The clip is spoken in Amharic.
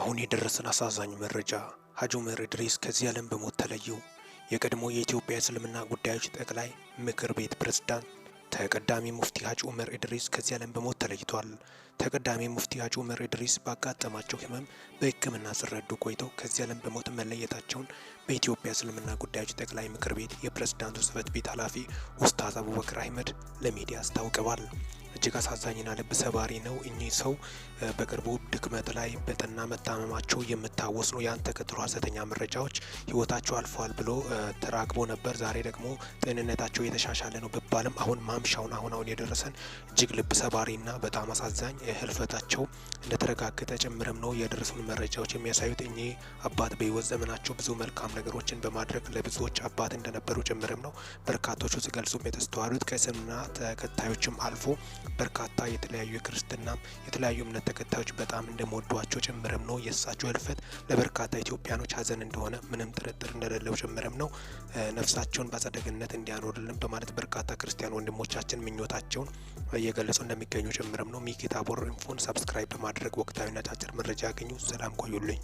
አሁን የደረሰን አሳዛኝ መረጃ ሀጂ ዑመር ኢድሪስ ከዚህ ዓለም በሞት ተለዩ። የቀድሞ የኢትዮጵያ እስልምና ጉዳዮች ጠቅላይ ምክር ቤት ፕሬዝዳንት ተቀዳሚ ሙፍቲ ሀጂ ዑመር ኢድሪስ ከዚህ ዓለም በሞት ተለይቷል። ተቀዳሚ ሙፍቲ ሀጂ ዑመር ኢድሪስ ባጋጠማቸው ህመም በሕክምና ስረዱ ቆይተው ከዚህ ዓለም በሞት መለየታቸውን በኢትዮጵያ እስልምና ጉዳዮች ጠቅላይ ምክር ቤት የፕሬዝዳንቱ ጽህፈት ቤት ኃላፊ ኡስታዝ አቡበክር አህመድ ለሚዲያ አስታውቀዋል። እጅግ አሳዛኝና ልብ ሰባሪ ነው። እኚህ ሰው በቅርቡ ድክመት ላይ በጠና መታመማቸው የምታወስ ነው። ያን ተከትሎ ሐሰተኛ መረጃዎች ህይወታቸው አልፏል ብሎ ተራግቦ ነበር። ዛሬ ደግሞ ጤንነታቸው የተሻሻለ ነው ብባልም አሁን ማምሻውን አሁን አሁን የደረሰን እጅግ ልብ ሰባሪና በጣም አሳዛኝ ህልፈታቸው እንደተረጋገጠ ጭምርም ነው የደረሱን መረጃዎች የሚያሳዩት። እኚህ አባት በህይወት ዘመናቸው ብዙ መልካም ነገሮችን በማድረግ ለብዙዎች አባት እንደነበሩ ጭምርም ነው በርካቶቹ ሲገልጹም የተስተዋሉት ከስምና ተከታዮችም አልፎ በርካታ የተለያዩ የክርስትና የተለያዩ እምነት ተከታዮች በጣም እንደመወዷቸው ጭምርም ነው። የእሳቸው ህልፈት ለበርካታ ኢትዮጵያኖች ሀዘን እንደሆነ ምንም ጥርጥር እንደሌለው ጭምርም ነው። ነፍሳቸውን በአጸደ ገነት እንዲያኖርልን በማለት በርካታ ክርስቲያን ወንድሞቻችን ምኞታቸውን እየገለጹ እንደሚገኙ ጭምርም ነው። ሚኪ ታቦር ኢንፎን ሰብስክራይብ በማድረግ ወቅታዊና አጫጭር መረጃ ያገኙ። ሰላም ቆዩልኝ።